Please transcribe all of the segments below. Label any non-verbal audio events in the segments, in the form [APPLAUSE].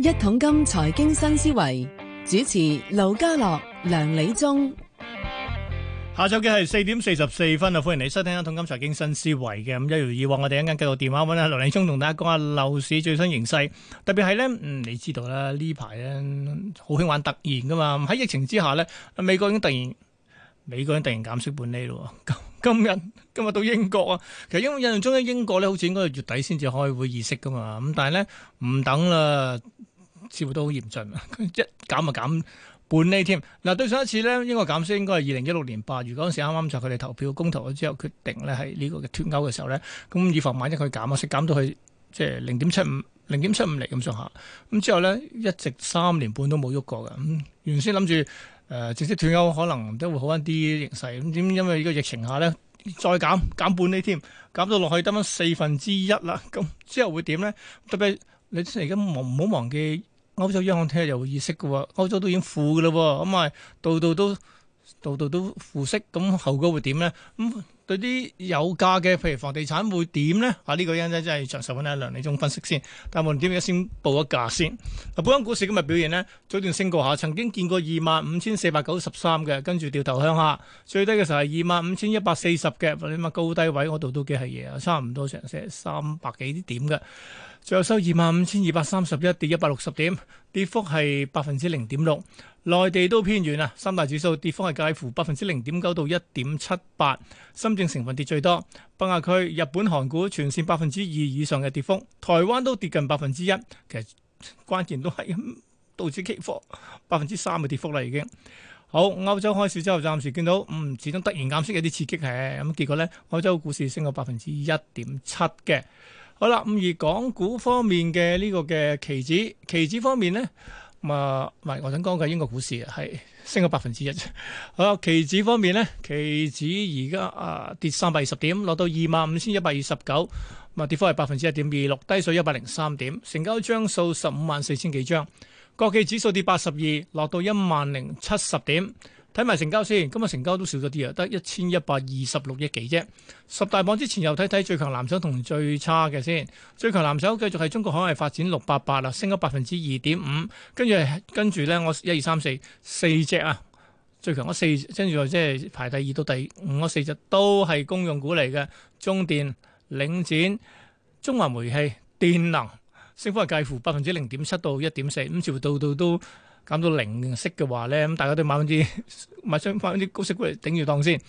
一桶金財經新思維主持劉家樂、梁理中，下晝嘅係四點四十四分啊！歡迎嚟收聽一桶金財經新思維嘅，咁一如以往，我哋一陣間繼續電話揾梁理中同大家講下樓市最新形勢，特別係咧，嗯，你知道啦，呢排咧好興玩突然噶嘛，喺疫情之下咧，美國已經突然，美國已經突然減息半厘咯。今今日今日到英國啊，其實因為印象中咧，英國咧好似應該係月底先至開會議息噶嘛，咁但係咧唔等啦。似乎都好嚴峻，佢一減就減半厘添、啊、嗱，對上一次咧，少應該減先，應該係二零一六年八月嗰陣時，啱啱就佢哋投票公投咗之後，決定咧係呢個嘅脱歐嘅時候咧，咁以防萬一佢減啊，先減到去即係零點七五、零點七五釐咁上下，咁之後咧一直三年半都冇喐過㗎。咁原先諗住誒直接脱歐可能都會好一啲形勢，咁點知因為呢個疫情下咧，再減減半厘添減到落去得翻四分之一啦，咁、啊、之後會點咧？特別你而家唔好忘記。歐洲央行聽日又會議息嘅喎，歐洲都已經負嘅啦，咁咪度度都度度都負息，咁後果會點咧？咁、嗯。對啲有價嘅，譬如房地產會點呢？啊，呢、這個嘢咧真係長壽翻阿梁理中分析先。但無論點樣，先報一價先。嗱，本港股市今日表現呢，早段升過下，曾經見過二萬五千四百九十三嘅，跟住掉頭向下，最低嘅時候係二萬五千一百四十嘅，或者咪高低位嗰度都幾係嘢啊，差唔多成四三百幾點嘅，最後收二萬五千二百三十一，跌一百六十點，跌幅係百分之零點六。內地都偏遠啊！三大指數跌幅係介乎百分之零點九到一點七八，深圳成分跌最多。北亞區、日本、韓股全線百分之二以上嘅跌幅，台灣都跌近百分之一。其實關鍵都係道指期貨百分之三嘅跌幅啦，已經。好，歐洲開市之後暫時看到，暫時見到嗯，始終突然減息有啲刺激嘅咁，結果呢，歐洲股市升到百分之一點七嘅。好啦，咁而港股方面嘅呢個嘅期指，期指方面呢。啊，係、嗯、我想講嘅英國股市啊，係升咗百分之一啫。好，期指方面呢，期指而家啊跌三百二十點，落到二萬五千一百二十九，啊跌幅係百分之一點二六，低水一百零三點，成交張數十五萬四千幾張，國企指數跌八十二，落到一萬零七十點。睇埋成交先，今日成交都少咗啲啊，得一千一百二十六億幾啫。十大榜之前又睇睇最強藍籌同最差嘅先。最強藍籌繼續係中國海外發展六八八啦，升咗百分之二點五。跟住跟住呢，我一二三四四隻啊，最強我四，跟住即係排第二到第五，我四隻都係公用股嚟嘅，中電、領展、中華煤氣、電能，升幅係介乎百分之零點七到一點四，咁似乎到到都。減到零息嘅話呢，咁大家都買翻啲買翻啲高息股嚟頂住檔先。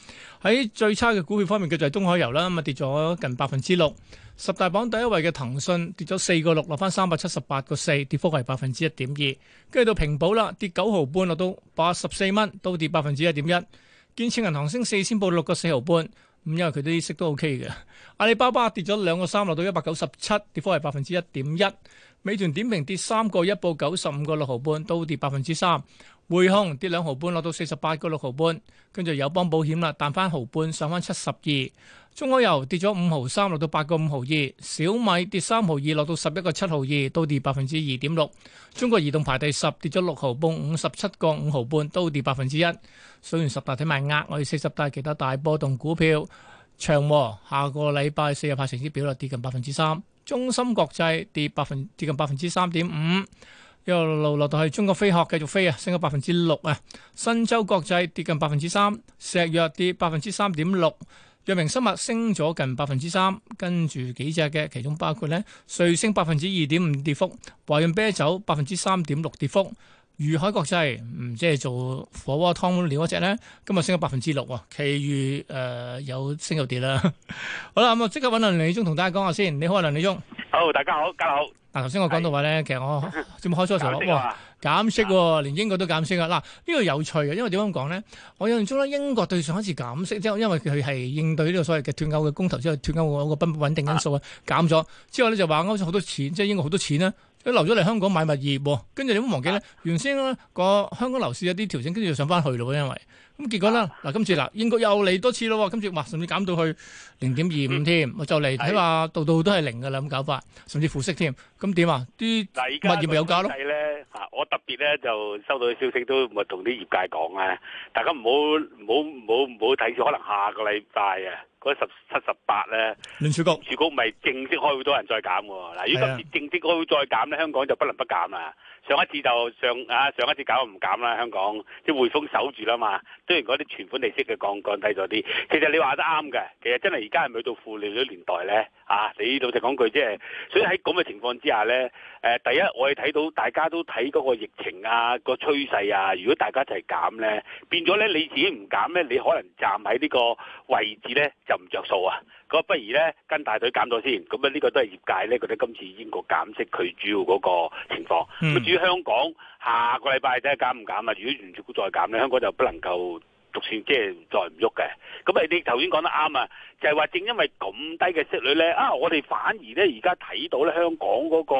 喺最差嘅股票方面，佢就係中海油啦，咁啊跌咗近百分之六。十大榜第一位嘅騰訊跌咗四個六，落翻三百七十八個四，跌幅係百分之一點二。跟住到平保啦，跌九毫半，落到八十四蚊，都跌百分之一點一。建設銀行升四千，報六個四毫半，咁因為佢啲息都 O K 嘅。阿里巴巴跌咗兩個三，落到一百九十七，跌幅係百分之一點一。美團點評跌三個一，報九十五個六毫半，都跌百分之三。匯控跌兩毫，毫半，落到四十八個六毫半。跟住友邦保險啦，彈翻毫半，上翻七十二。中海油跌咗五毫三，落到八個五毫二。小米跌三毫二，落到十一個七毫二，都跌百分之二點六。中國移動排第十，跌咗六毫半，五十七個五毫半，都跌百分之一。數完十大睇埋壓，我哋四十大其他大波動股票，長和下個禮拜四日派成績表啦，跌近百分之三。中芯國際跌百分跌近百分之三點五，又落落到去中國飛鶴繼續飛啊，升咗百分之六啊，新洲國際跌近百分之三，石藥跌百分之三點六，藥明生物升咗近百分之三，跟住幾隻嘅，其中包括呢，瑞星百分之二點五跌幅，華潤啤酒百分之三點六跌幅。裕海國際唔即係做火鍋湯料嗰隻咧，今日升咗百分之六喎。其餘誒、呃、有升有跌啦。 [LAUGHS] 好啦，咁我即刻揾阿梁理中同大家講下先。你好，梁理中。好，大家好，家好、啊。嗱，頭先我講到話咧，其實我做乜開咗頭？哇，減息喎、哦，連英國都減息啦。嗱、啊，呢、呢個有趣嘅，因為點樣講咧？我印象中咧，英國對上一次減息即係因為佢係應對呢個所謂嘅斷歐嘅公投之後斷歐嗰個不穩定因素啊，減咗之後咧就話歐洲好多錢，即係英國好多錢啊！留咗嚟香港買物業，跟住你唔好忘記咧，原先咧個香港樓市有啲調整，跟住就上翻去咯，因為咁結果咧嗱，今次嗱，英國又嚟多次咯喎，今次哇，甚至減到去零點二五添，就嚟睇下度度都係零噶啦，咁搞法，甚至負息添，咁點啊？啲物業咪有價咯？係咧？嚇，我特別咧就收到消息，都咪同啲業界講咧，大家唔好唔好唔好唔好睇住，可能下個禮拜啊！嗰十七十八咧，聯儲局，聯儲局唔係正式開會，多人再減喎。嗱，如果今次正式開會再減咧，香港就不能不減啦。上一次就上啊，上一次搞唔減啦，香港啲匯豐守住啦嘛。雖然嗰啲存款利息嘅降降低咗啲，其實你話得啱嘅。其實真係而家係咪到負利率年代咧？啊，你老實講句，即係所以喺咁嘅情況之下咧，誒，第一我哋睇到大家都睇嗰個疫情啊，個趨勢啊。如果大家一齊減咧，變咗咧，你自己唔減咧，你可能站喺呢個位置咧。就唔着數啊！咁不如咧跟大隊減咗先。咁呢個都係業界咧覺得今次英國減息佢主要嗰個情況。咁、嗯、至於香港下個禮拜睇下減唔減啊？如果聯儲局再減咧，香港就不能夠逐算即係再唔喐嘅。咁啊，你頭先講得啱啊，就係、是、話正因為咁低嘅息率咧，啊我哋反而咧而家睇到咧香港嗰個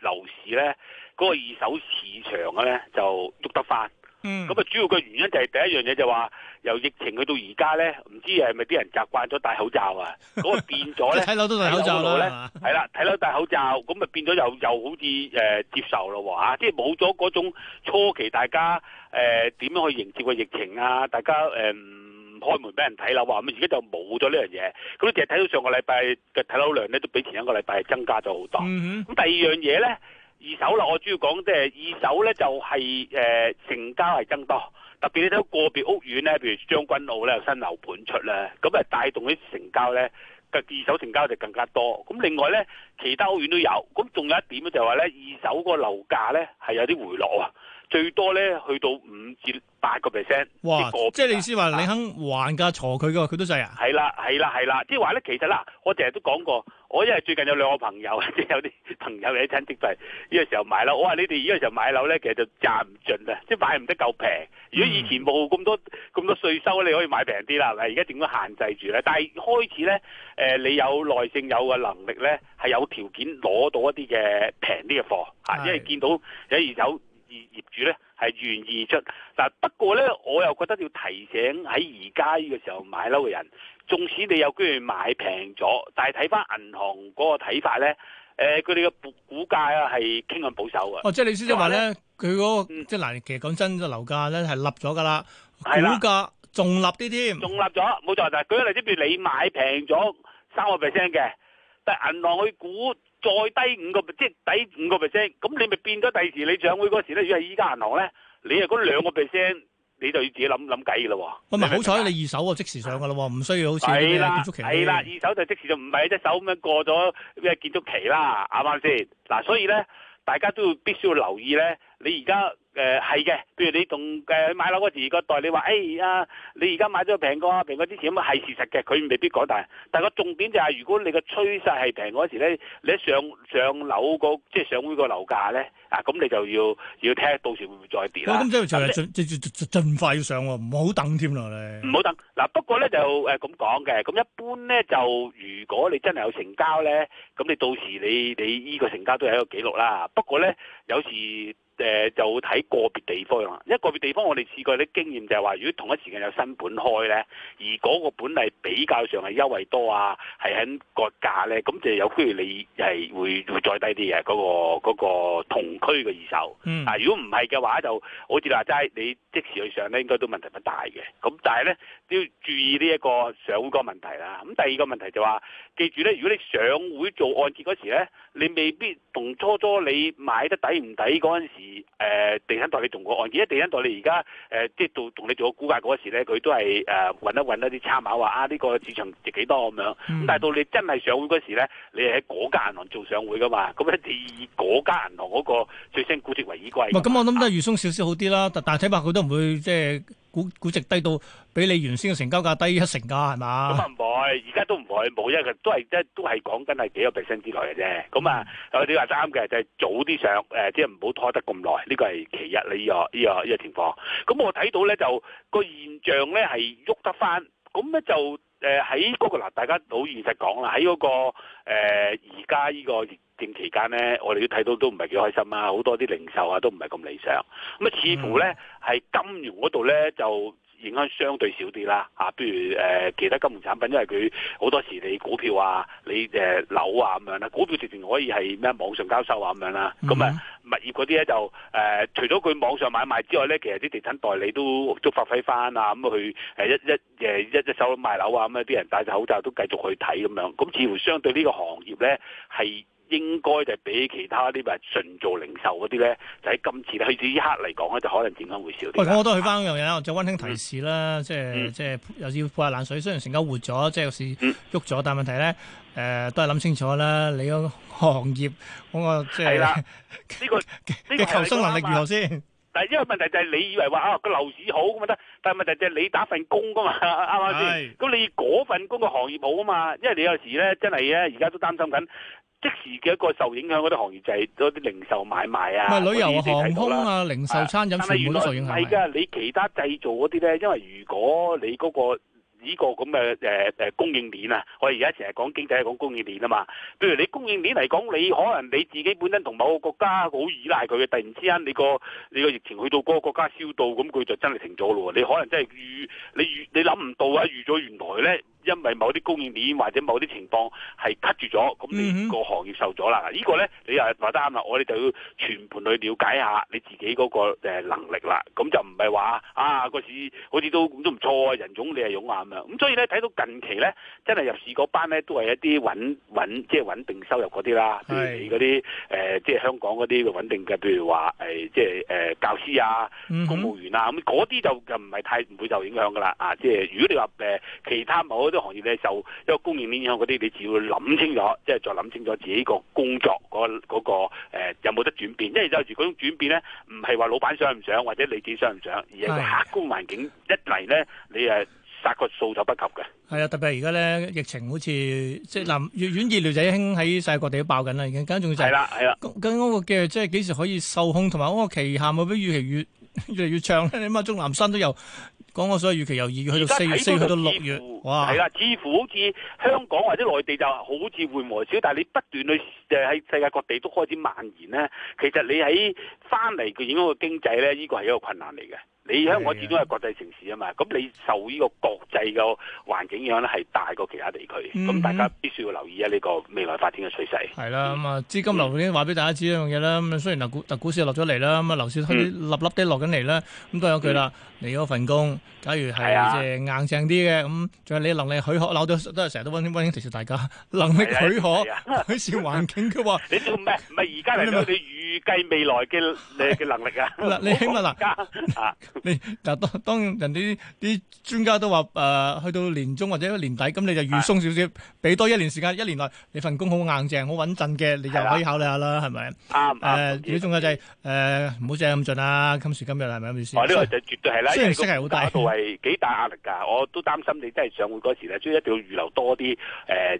樓市咧，嗰個二手市場咧就喐得翻。咁啊，嗯、主要嘅原因就係第一樣嘢就話由疫情去到而家咧，唔知係咪啲人習慣咗戴口罩啊？咁個 [LAUGHS] 變咗咧，睇樓都戴口罩啦，係啦， [LAUGHS] 睇樓 [LAUGHS] 戴口罩，咁咪變咗又又好似誒、呃、接受咯喎、啊、即係冇咗嗰種初期大家誒點樣去迎接個疫情啊？大家誒、呃、開門俾人睇樓啊，咁而家就冇咗呢樣嘢。咁你淨係睇到上個禮拜嘅睇樓量咧，都比前一個禮拜增加咗好多。咁、嗯、哼第二樣嘢咧。二手樓我主要講，即係二手咧，就係誒，成交係增多，特別你睇個別屋苑咧，譬如將軍澳咧有新樓盤出咧，咁，誒帶動啲成交咧嘅二手成交就更加多。咁另外咧其他屋苑都有，咁仲有一點咧就係話咧二手個樓價咧係有啲回落啊。最多咧去到五至八個 percent，哇！即係你意思話你肯還價挫佢㗎？佢都滯啊？係啦係啦係啦，即係話咧，其實啦，我成日都講過，我因為最近有兩個朋友，即 [LAUGHS] 係有啲朋友或者親戚都係呢個時候買樓，我話你哋呢個時候買樓咧，其實就賺唔盡啊！即係買唔得夠平。如果以前冇咁多咁、嗯、多稅收，你可以買平啲啦，係而家點解限制住咧？但係開始咧，誒、呃，你有耐性有嘅能力咧，係有條件攞到一啲嘅平啲嘅貨吓，因為見到有有。業主咧係願意出，嗱不過咧，我又覺得要提醒喺而家呢個時候買樓嘅人，縱使你有機會買平咗，但係睇翻銀行嗰個睇法咧，誒，佢哋嘅估價啊係傾向保守嘅。哦，即係你意思即係話咧，佢嗰即係嗱其實講真嘅樓價咧係立咗㗎啦，估價仲立啲添，仲立咗冇錯。嗱舉個例子，譬如你買平咗三個 percent 嘅，但係銀行去估。再低五個，即係低五個 percent，咁你咪變咗第二時你上會嗰時咧，如果係依家銀行咧，你啊嗰兩個 percent，你就要自己諗諗計嘅咯喎。咁咪好彩你二手喎，即時上嘅啦，唔需要好似嗰啲建築期。係啦，係啦，二手就即時就唔係一手咁樣過咗嘅建築期啦，啱啱先？嗱，啊，所以咧，大家都要必須要留意咧。你而家誒係嘅，譬如你同誒買樓嗰時個代理話，誒、欸、啊，你而家買咗平過，平過之前咁啊，係事實嘅，佢未必講，但係但個重點就係、是、如果你個趨勢係平嗰時咧，你一上上樓個即係上會個樓價咧，啊咁你就要要聽，到時會唔會再跌啊？咁即係就係盡快要上喎，唔、嗯、好、嗯、你等添咯，你唔好等嗱，不過咧、嗯、就誒咁講嘅，咁一般咧就如果你真係有成交咧，咁你到時你你依個成交都係一個記錄啦。不過咧有時。誒、呃、就睇個別地方啦，因為個別地方我哋試過啲經驗就係話，如果同一時間有新盤開咧，而嗰個盤係比較上係優惠多啊，係喺個價咧，咁就有機會你係會會再低啲嘅嗰個同區嘅二手。啊、嗯，如果唔係嘅話，就好似話齋，你即時去上咧，應該都問題不大嘅。咁但係咧都要注意呢一個上會個問題啦。咁第二個問題就話，記住咧，如果你上會做按揭嗰時咧，你未必同初初你買得抵唔抵嗰陣時。誒地產代理同個案件，地產代理而家誒即係到同你做估價嗰時咧，佢都係誒揾一搵一啲參考話啊，呢、呢個市場值幾多咁樣。咁但係到你真係上會嗰時咧，你係喺嗰間銀行做上會噶嘛？咁咧你以嗰間銀行嗰個最新估值為依歸。咁、嗯嗯、我諗得裕鬆少少好啲啦，但但睇怕佢都唔會即係。估值低到比你原先嘅成交價低一成噶、啊，係嘛？咁啊唔會，而家都唔會冇，因為都係即係都係講緊係幾個 percent 之內嘅啫。咁啊，有啲話三嘅就係、是、早啲上，誒、呃，即係唔好拖得咁耐，呢、這個係其一。你、這、依個呢、這個呢、這個情況，咁我睇到咧就、那個現象咧係喐得翻，咁咧就。誒喺嗰個嗱，呃、在 ogle, 大家好、那個呃、現實講啦，喺嗰個而家呢個疫症期間咧，我哋都睇到都唔係幾開心啦、啊。好多啲零售啊都唔係咁理想。咁啊，似乎咧係金融嗰度咧就影響相對少啲啦。嚇、啊，比如誒、呃、其他金融產品，因為佢好多時你股票啊、你誒、呃、樓啊咁樣啦，股票直情可以係咩網上交收啊咁樣啦，咁啊、嗯哼。物業嗰啲咧就誒、呃，除咗佢網上買賣之外咧，其實啲地產代理都都發揮翻啊，咁啊去誒一一誒一一手賣樓啊，咁啊啲人戴住口罩都繼續去睇咁樣，咁似乎相對呢個行業咧係。應該就係比其他啲咪純做零售嗰啲咧，就喺今次咧，呢一刻嚟講咧，就可能點解會少啲？喂，我都去翻嗰樣嘢啦，就溫馨提示啦，嗯、即係即係又要潑下冷水。雖然成交活咗，即係有時喐咗，嗯、但問題咧，誒、呃、都係諗清楚啦。你個行業嗰個即係啦，呢個嘅求生能力如何先？但係因為問題就係你以為話啊、哦那個樓市好咁啊得，但係問題就係你打份工噶嘛，啱啱先？咁 [LAUGHS] 你嗰份工個行業好啊嘛，因為你有時咧真係咧，而家都擔心緊。即時嘅一個受影響嗰啲行業就係嗰啲零售買賣啊，旅遊啊、到航空啊、零售餐、餐飲係全部都受影響。唔係㗎，你其他製造嗰啲咧，因為如果你嗰個呢個咁嘅、呃呃、供應鏈啊，我哋而家成日講經濟，講、講供應鏈啊嘛。譬如你供應鏈嚟講，你可能你自己本身同某個國家好依賴佢嘅，突然之間你個你個疫情去到嗰個國家燒到，咁佢就真係停咗咯。你可能真係預你預你諗唔到啊，預咗原來咧。因為某啲供應鏈或者某啲情況係 cut 住咗，咁你個行業受咗啦。這個、呢個咧，你又話得啱啦，我哋就要全盤去了解一下你自己嗰個能力啦。咁就唔係話啊，個市好似都都唔錯啊，人你嚟湧啊咁樣。咁所以咧睇到近期咧，真係入市嗰班咧都係一啲穩穩即係穩定收入嗰啲啦，譬如嗰啲即係香港嗰啲穩定嘅，譬如話、呃、即係、呃、教師啊、公務員啊咁嗰啲就就唔係太唔會受影響噶啦。啊，即係如果你話、呃、其他某呢個行業咧就一個供應面，影響嗰啲，你只要諗清楚，即係再諗清楚自己個工作、嗰個、嗰個、呃、有冇得轉變？因為有時嗰種轉變咧，唔係話老闆想唔想，或者你自己想唔想，而係個客觀環境一嚟咧，你誒殺個數就不及嘅。係啊，特別係而家咧，疫情好似即係南粵苑醫療就已經喺世界各地都爆緊啦，已經。緊要就係啦，係啦。跟嗰個嘅即係幾時可以受控，同埋嗰個期限會比預期越越嚟越，越長咧。起碼鍾南山都有。講講所以預期由二月去到四月，月，四月去到六月，哇！係啦，似乎好似香港或者內地就好似緩和少，但係你不斷去喺世界各地都開始蔓延咧，其實你喺翻嚟佢影響個經濟咧，呢、呢個係一個困難嚟嘅。你香港始終係國際城市啊嘛，咁你受呢個國際嘅環境影響咧，係大過其他地區，咁大家必須要留意下，呢個未來發展嘅趨勢。係啦，咁啊資金流已經話俾大家知一樣嘢啦。咁雖然特股樓、樓股市落咗嚟啦，咁啊樓市開粒粒啲落緊嚟啦，咁都，都有佢啦。嗯、你嗰份工，假如係係硬淨啲嘅，咁仲、啊、有你能力許可，樓、啊、都都係成日都溫馨溫馨提示大家，能力許可改善、啊啊、環境嘅喎。啊啊、 [LAUGHS] 你做唔係唔而家嚟到你語？預計未來嘅嘅能力啊！嗱，你起碼嗱啊，你就當當人哋啲專家都話誒，去到年中或者年底，咁你就預鬆少少，俾多一年時間，一年內你份工好硬淨、好穩陣嘅，你就可以考慮下啦，係咪？啱啱。誒，如果仲有就係誒，唔好借咁盡啦。今時今日係咪咁意思？啊，呢個就絕對係啦，即係係好大，係幾大壓力㗎。我都擔心你真係上會嗰時咧，即係一定要預留多啲誒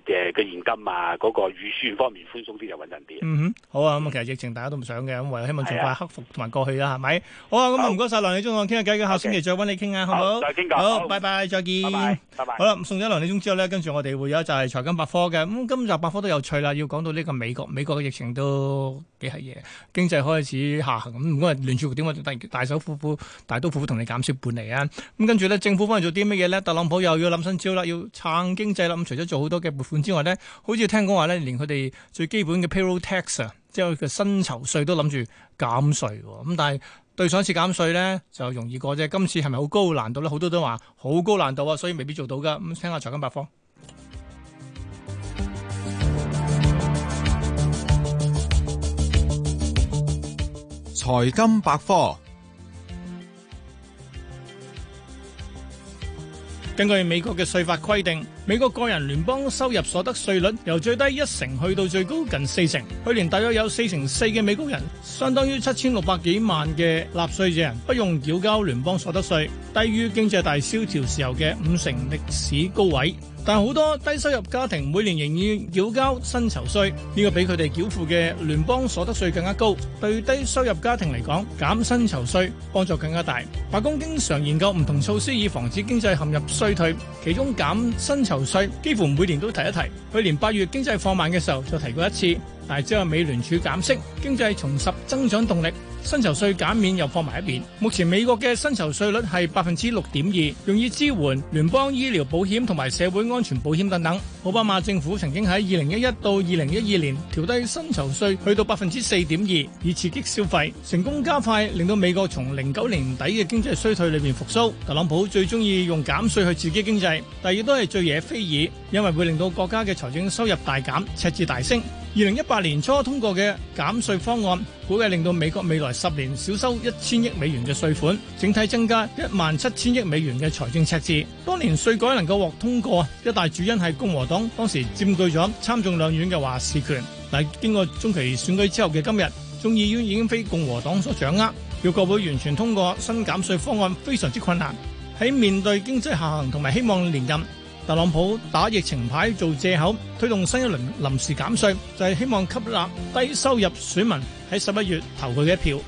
誒嘅現金啊，嗰個預算方面寬鬆啲就穩陣啲。嗯哼，好啊。咁啊，其實疫情大家都～想嘅咁，唯有希望儘快克服同埋過去啦，係咪？好啊，咁啊唔該晒梁理中，我傾下偈，咁下星期再揾你傾下，好唔好？再傾好，拜拜，再見，好啦。送咗梁理中之後呢，跟住我哋會有就係財金百科嘅，咁今集百科都有趣啦，要講到呢個美國，美國嘅疫情都幾係嘢，經濟開始下行咁。如果係聯儲局點解突然大手闊闊大刀闊闊同你減少半釐？啊？咁跟住呢，政府方面做啲乜嘢呢？特朗普又要諗新招啦，要撐經濟啦。咁除咗做好多嘅撥款之外呢，好似聽講話呢，連佢哋最基本嘅 payroll tax 啊。即係佢嘅薪酬稅都諗住減稅喎，咁但係對上一次減稅咧就容易過啫，今次係咪好高難度咧？好多都話好高難度啊，所以未必做到噶。咁聽下財金百科。財金百科。根據美國嘅稅法規定，美國個人聯邦收入所得稅率由最低一成去到最高近四成。去年大約有四成四嘅美國人，相當於七千六百幾萬嘅納稅人，不用繳交聯邦所得稅，低於經濟大蕭條時候嘅五成歷史高位。但好多低收入家庭每年仍然繳交薪酬稅，呢、這個比佢哋繳付嘅聯邦所得稅更加高。對低收入家庭嚟講，減薪酬稅幫助更加大。白宮經常研究唔同措施，以防止經濟陷入衰退，其中減薪酬稅幾乎每年都提一提。去年八月經濟放慢嘅時候就提過一次，但係只有美聯儲減息，經濟重拾增長動力。薪酬稅減免又放埋一邊，目前美國嘅薪酬稅率係百分之六點二，用以支援聯邦醫療保險同埋社會安全保險等等。奧巴馬政府曾經喺二零一一到二零一二年調低薪酬稅去到百分之四點二，以刺激消費，成功加快令到美國從零九年底嘅經濟衰退裏面復甦。特朗普最中意用減稅去刺激經濟，但亦都係最惹非議，因為會令到國家嘅財政收入大減，赤字大升。二零一八年初通過嘅減稅方案，估計令到美國未來十年少收一千億美元嘅稅款，整體增加一萬七千億美元嘅財政赤字。當年稅改能夠獲通過，一大主因係共和黨當時佔據咗參眾兩院嘅話事權。但，經過中期選舉之後嘅今日，眾議院已經非共和黨所掌握，要國會完全通過新減稅方案非常之困難。喺面對經濟下行同埋希望連任。特朗普打疫情牌做借口，推動新一輪臨時減稅，就係希望吸納低收入選民喺十一月投佢嘅一票。